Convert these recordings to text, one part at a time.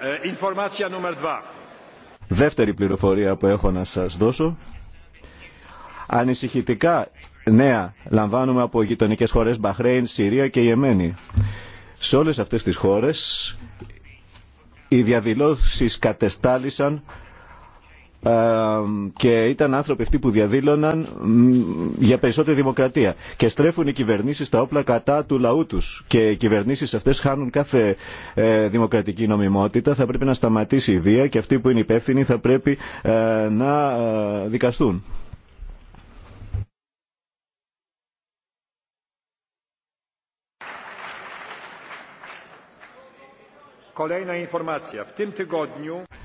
Ε, Δεύτερη πληροφορία που έχω να σας δώσω. Ανησυχητικά νέα λαμβάνουμε από γειτονικές χώρες Μπαχρέιν, Συρία και Ιεμένη. Σε όλες αυτές τις χώρες οι διαδηλώσεις κατεστάλησαν και ήταν άνθρωποι αυτοί που διαδήλωναν για περισσότερη δημοκρατία και στρέφουν οι κυβερνήσεις τα όπλα κατά του λαού τους και οι κυβερνήσεις αυτές χάνουν κάθε ε, δημοκρατική νομιμότητα θα πρέπει να σταματήσει η βία και αυτοί που είναι υπεύθυνοι θα πρέπει ε, να ε, δικαστούν.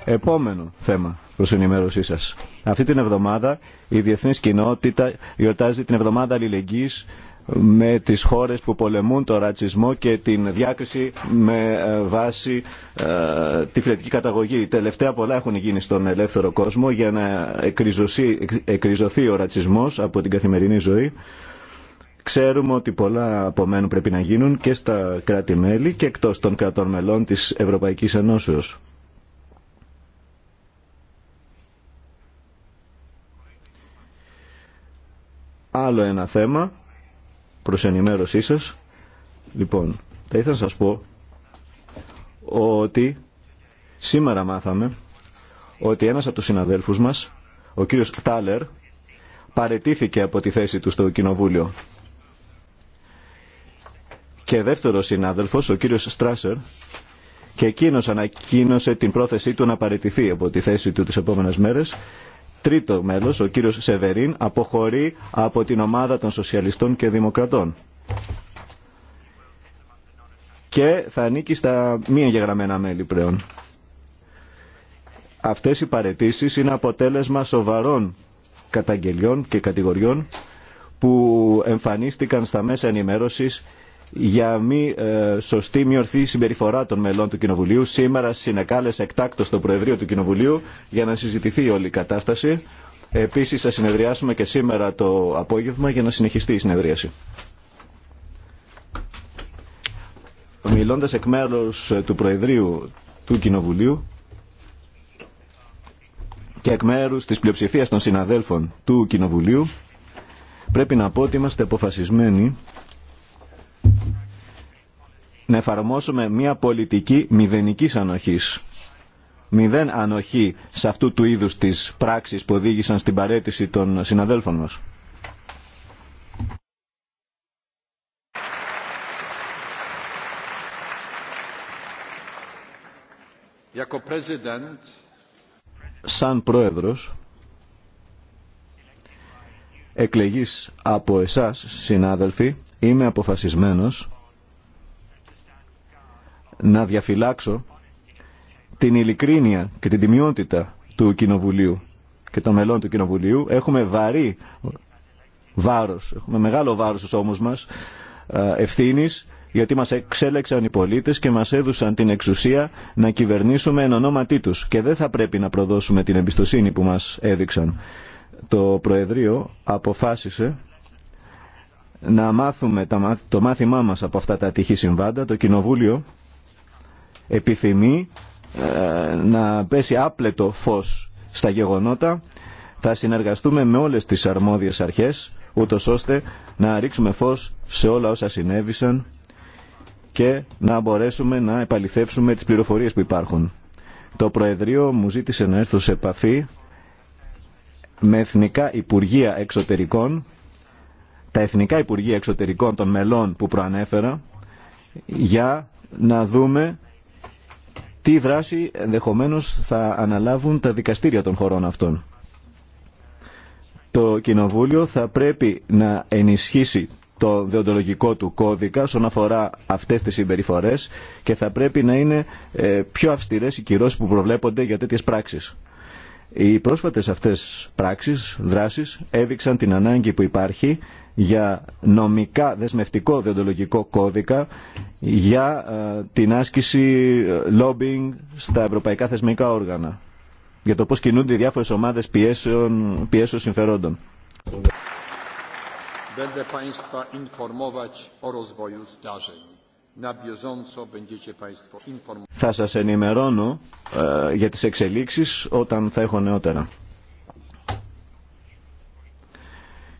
Επόμενο θέμα προ ενημέρωσή σα. Αυτή την εβδομάδα η διεθνή κοινότητα γιορτάζει την εβδομάδα αλληλεγγύη με τις χώρες που πολεμούν τον ρατσισμό και την διάκριση με ε, βάση ε, τη φυλετική καταγωγή. Τελευταία πολλά έχουν γίνει στον ελεύθερο κόσμο για να εκριζωθεί ο ρατσισμός από την καθημερινή ζωή. Ξέρουμε ότι πολλά από μένου πρέπει να γίνουν και στα κράτη-μέλη και εκτός των κρατών μελών της Ευρωπαϊκής Ενώσεως. Άλλο ένα θέμα προς ενημέρωσή σας. Λοιπόν, θα ήθελα να σας πω ότι σήμερα μάθαμε ότι ένας από τους συναδέλφους μας, ο κύριος Τάλερ, παρετήθηκε από τη θέση του στο Κοινοβούλιο και δεύτερος συνάδελφος, ο κύριος Στράσερ, και εκείνος ανακοίνωσε την πρόθεσή του να παραιτηθεί από τη θέση του τις επόμενες μέρες. Τρίτο μέλος, ο κύριος Σεβερίν, αποχωρεί από την ομάδα των Σοσιαλιστών και Δημοκρατών. Και θα ανήκει στα μία εγγεγραμμένα μέλη πλέον. Αυτές οι παρετήσει είναι αποτέλεσμα σοβαρών καταγγελιών και κατηγοριών που εμφανίστηκαν στα μέσα ενημέρωσης για μη ε, σωστή, μη ορθή συμπεριφορά των μελών του Κοινοβουλίου. Σήμερα συνεκάλεσε εκτάκτο το Προεδρείο του Κοινοβουλίου για να συζητηθεί όλη η κατάσταση. Επίσης θα συνεδριάσουμε και σήμερα το απόγευμα για να συνεχιστεί η συνεδρίαση. Μιλώντα εκ μέρου ε, του Προεδρείου του Κοινοβουλίου και εκ μέρου της πλειοψηφίας των συναδέλφων του Κοινοβουλίου πρέπει να πω ότι είμαστε αποφασισμένοι να εφαρμόσουμε μια πολιτική μηδενικής ανοχής. Μηδέν ανοχή σε αυτού του είδους τις πράξεις που οδήγησαν στην παρέτηση των συναδέλφων μας. Σαν πρόεδρος εκλεγής από εσάς συνάδελφοι είμαι αποφασισμένος να διαφυλάξω την ειλικρίνεια και την τιμιότητα του Κοινοβουλίου και των μελών του Κοινοβουλίου. Έχουμε βαρύ βάρος, έχουμε μεγάλο βάρος στους ώμους μας ευθύνη γιατί μας εξέλεξαν οι πολίτες και μας έδωσαν την εξουσία να κυβερνήσουμε εν ονόματί τους και δεν θα πρέπει να προδώσουμε την εμπιστοσύνη που μας έδειξαν. Το Προεδρείο αποφάσισε να μάθουμε το μάθημά μας από αυτά τα ατυχή συμβάντα. Το Κοινοβούλιο επιθυμεί ε, να πέσει άπλετο φως στα γεγονότα. Θα συνεργαστούμε με όλες τις αρμόδιες αρχές, ούτω ώστε να ρίξουμε φως σε όλα όσα συνέβησαν και να μπορέσουμε να επαληθεύσουμε τις πληροφορίες που υπάρχουν. Το Προεδρείο μου ζήτησε να έρθω σε επαφή με Εθνικά Υπουργεία Εξωτερικών, τα Εθνικά Υπουργεία Εξωτερικών των μελών που προανέφερα, για να δούμε τι δράση ενδεχομένω θα αναλάβουν τα δικαστήρια των χωρών αυτών. Το Κοινοβούλιο θα πρέπει να ενισχύσει το δεοντολογικό του κώδικα όσον αφορά αυτές τις συμπεριφορές και θα πρέπει να είναι ε, πιο αυστηρές οι κυρώσεις που προβλέπονται για τέτοιες πράξεις. Οι πρόσφατες αυτές πράξεις, δράσεις έδειξαν την ανάγκη που υπάρχει για νομικά δεσμευτικό διοντολογικό κώδικα για ε, την άσκηση ε, lobbying στα ευρωπαϊκά θεσμικά όργανα για το πώς κινούνται οι διάφορες ομάδες πιέσεων, πιέσεων συμφερόντων. Będę Państwa informować o θα σας ενημερώνω ε, για τις εξελίξεις όταν θα έχω νεότερα.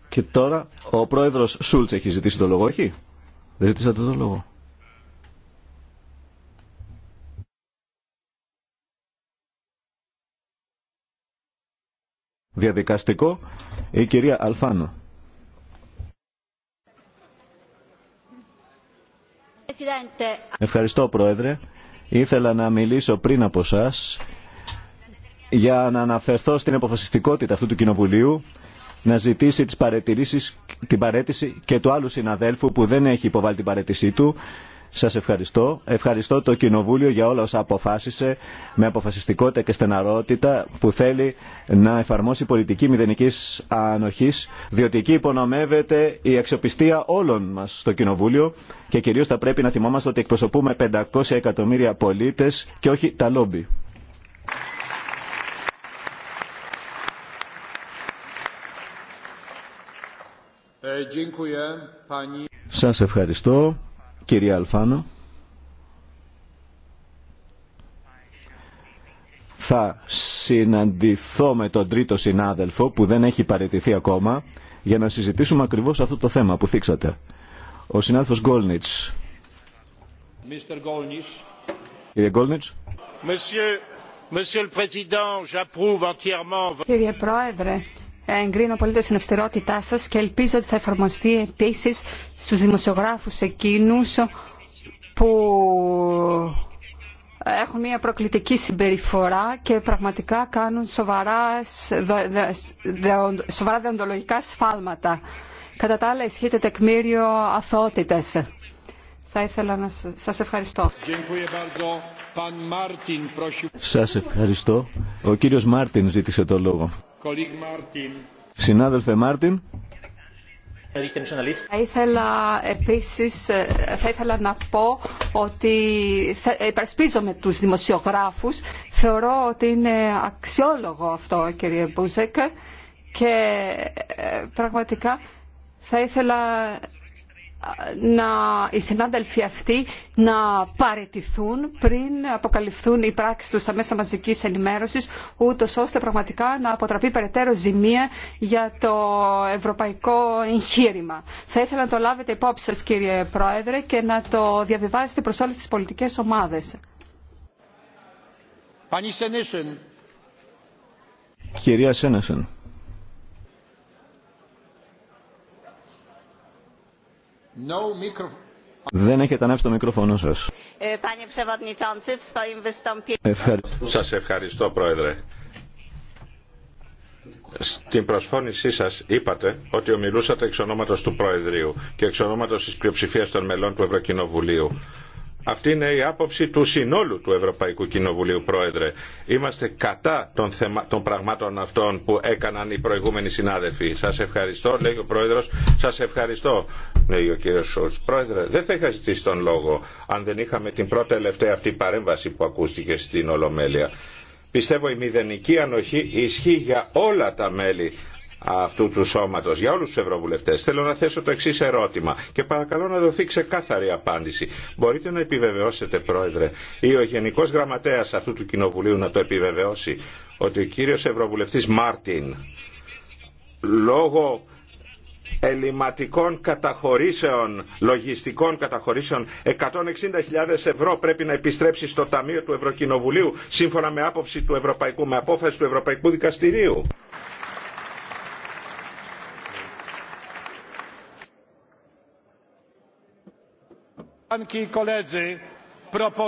Και τώρα ο πρόεδρος Σούλτς έχει ζητήσει το λόγο, όχι. Δεν ζητήσατε το λόγο. Διαδικαστικό, η κυρία Αλφάνο. Ευχαριστώ, Πρόεδρε. Ήθελα να μιλήσω πριν από εσά για να αναφερθώ στην αποφασιστικότητα αυτού του Κοινοβουλίου να ζητήσει τις την παρέτηση και του άλλου συναδέλφου που δεν έχει υποβάλει την παρέτησή του σας ευχαριστώ. Ευχαριστώ το Κοινοβούλιο για όλα όσα αποφάσισε με αποφασιστικότητα και στεναρότητα που θέλει να εφαρμόσει πολιτική μηδενικής ανοχής διότι εκεί υπονομεύεται η αξιοπιστία όλων μας στο Κοινοβούλιο και κυρίως θα πρέπει να θυμόμαστε ότι εκπροσωπούμε 500 εκατομμύρια πολίτες και όχι τα λόμπι. Ε, Σας ευχαριστώ κυρία Αλφάνο. Θα συναντηθώ με τον τρίτο συνάδελφο που δεν έχει παραιτηθεί ακόμα για να συζητήσουμε ακριβώς αυτό το θέμα που θίξατε. Ο συνάδελφος Γκόλνιτς. Κύριε Γκόλνιτς. Κύριε Πρόεδρε, εγκρίνω πολύ την αυστηρότητά σα και ελπίζω ότι θα εφαρμοστεί επίση στους δημοσιογράφους εκείνου που έχουν μια προκλητική συμπεριφορά και πραγματικά κάνουν σοβαρά, σοβαρά σφάλματα. Κατά τα άλλα ισχύεται τεκμήριο αθότητε. Θα ήθελα να σας ευχαριστώ. Σας ευχαριστώ. Ο κύριος Μάρτιν ζήτησε το λόγο. Συνάδελφε Μάρτιν. Θα ήθελα επίσης ε, θα ήθελα να πω ότι υπερασπίζομαι τους δημοσιογράφους. Θεωρώ ότι είναι αξιόλογο αυτό κύριε Μπούζεκ και ε, πραγματικά θα ήθελα να, οι συνάδελφοι αυτοί να παρετηθούν πριν αποκαλυφθούν οι πράξεις τους στα μέσα μαζικής ενημέρωσης ούτως ώστε πραγματικά να αποτραπεί περαιτέρω ζημία για το ευρωπαϊκό εγχείρημα. Θα ήθελα να το λάβετε υπόψη σας κύριε Πρόεδρε και να το διαβιβάσετε προς όλες τις πολιτικές ομάδες. Κυρία Σένεσεν. Δεν έχετε ανάψει το μικρόφωνο σας. Ε, σα Σας ευχαριστώ, Πρόεδρε. Στην προσφώνησή σα είπατε ότι ομιλούσατε εξ ονόματο του Προεδρείου και εξ ονόματο της πλειοψηφία των μελών του Ευρωκοινοβουλίου. Αυτή είναι η άποψη του συνόλου του Ευρωπαϊκού Κοινοβουλίου, Πρόεδρε. Είμαστε κατά των, θεμα... των πραγμάτων αυτών που έκαναν οι προηγούμενοι συνάδελφοι. Σα ευχαριστώ, λέει ο Πρόεδρο. Σα ευχαριστώ, λέει ο κύριο Πρόεδρε, δεν θα είχα ζητήσει τον λόγο αν δεν είχαμε την πρώτη τελευταία αυτή παρέμβαση που ακούστηκε στην Ολομέλεια. Πιστεύω η μηδενική ανοχή ισχύει για όλα τα μέλη αυτού του σώματος για όλους τους ευρωβουλευτές. Θέλω να θέσω το εξής ερώτημα και παρακαλώ να δοθεί ξεκάθαρη απάντηση. Μπορείτε να επιβεβαιώσετε πρόεδρε ή ο Γενικός Γραμματέας αυτού του Κοινοβουλίου να το επιβεβαιώσει ότι ο κύριος Ευρωβουλευτής Μάρτιν λόγω ελληματικών καταχωρήσεων, λογιστικών καταχωρήσεων, 160.000 ευρώ πρέπει να επιστρέψει στο Ταμείο του Ευρωκοινοβουλίου, σύμφωνα με άποψη του Ευρωπαϊκού, με απόφαση του Ευρωπαϊκού Δικαστηρίου. koleżanki koledzy proponuję